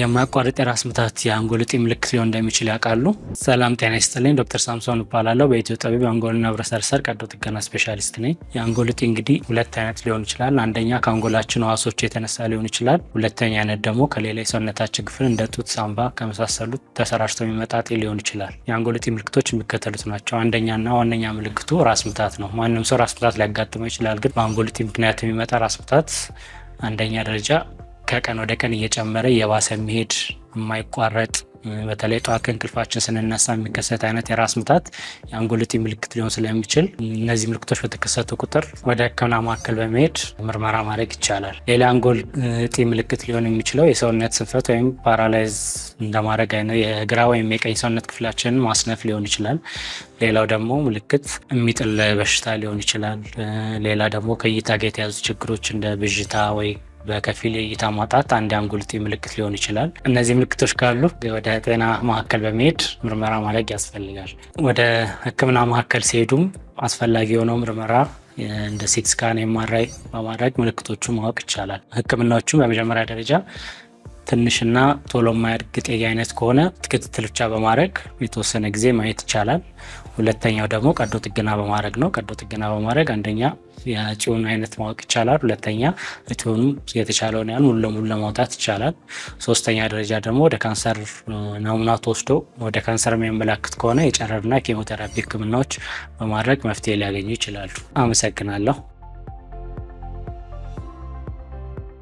የማያቋርጥ የራስ ምታት የአንጎል ጤ ምልክት ሊሆን እንደሚችል ያውቃሉ? ሰላም ጤና ይስጥልኝ። ዶክተር ሳምሶን እባላለሁ። በኢትዮ ጠቢብ አንጎልና ህብረሰር ቀዶ ጥገና ስፔሻሊስት ነኝ። የአንጎል እጢ እንግዲህ ሁለት አይነት ሊሆን ይችላል። አንደኛ ከአንጎላችን ህዋሶች የተነሳ ሊሆን ይችላል። ሁለተኛ አይነት ደግሞ ከሌላ የሰውነታችን ክፍል እንደ ጡት፣ ሳምባ ከመሳሰሉት ተሰራጭቶ የሚመጣ ሊሆን ይችላል። የአንጎል ምልክቶች የሚከተሉት ናቸው። አንደኛና ዋነኛ ምልክቱ ራስ ምታት ነው። ማንም ሰው ራስ ምታት ሊያጋጥመው ይችላል። ግን በአንጎል ምክንያት የሚመጣ ራስ ምታት አንደኛ ደረጃ ከቀን ወደ ቀን እየጨመረ የባሰ መሄድ የማይቋረጥ በተለይ ጠዋት ከእንቅልፋችን ስንነሳ የሚከሰት አይነት የራስ ምታት የአንጎልቲ ምልክት ሊሆን ስለሚችል እነዚህ ምልክቶች በተከሰቱ ቁጥር ወደ ሕክምና ማዕከል በመሄድ ምርመራ ማድረግ ይቻላል። ሌላ አንጎልጢ ምልክት ሊሆን የሚችለው የሰውነት ስንፈት ወይም ፓራላይዝ እንደማድረግ አይነት የግራ ወይም የቀኝ ሰውነት ክፍላችንን ማስነፍ ሊሆን ይችላል። ሌላው ደግሞ ምልክት የሚጥል በሽታ ሊሆን ይችላል። ሌላ ደግሞ ከእይታ ጋር የተያዙ ችግሮች እንደ ብዥታ ወይ በከፊል የእይታ ማጣት፣ አንድ አንጉልጤ ምልክት ሊሆን ይችላል። እነዚህ ምልክቶች ካሉ ወደ ጤና ማዕከል በመሄድ ምርመራ ማድረግ ያስፈልጋል። ወደ ሕክምና ማዕከል ሲሄዱም አስፈላጊ የሆነው ምርመራ እንደ ሲቲ ስካን፣ ኤምአርአይ በማድረግ ምልክቶቹ ማወቅ ይቻላል። ሕክምናዎቹ በመጀመሪያ ደረጃ ትንሽና ቶሎ የማያድግ ጤጌ አይነት ከሆነ ክትትል ብቻ በማድረግ የተወሰነ ጊዜ ማየት ይቻላል። ሁለተኛው ደግሞ ቀዶ ጥገና በማድረግ ነው። ቀዶ ጥገና በማድረግ አንደኛ የእጢውን አይነት ማወቅ ይቻላል። ሁለተኛ እጢውንም የተቻለውን ያህል ሙሉ ለሙሉ ለማውጣት ይቻላል። ሶስተኛ ደረጃ ደግሞ ወደ ካንሰር ናሙና ተወስዶ ወደ ካንሰር የሚያመላክት ከሆነ የጨረርና ኬሞቴራፒ ሕክምናዎች በማድረግ መፍትሄ ሊያገኙ ይችላሉ። አመሰግናለሁ።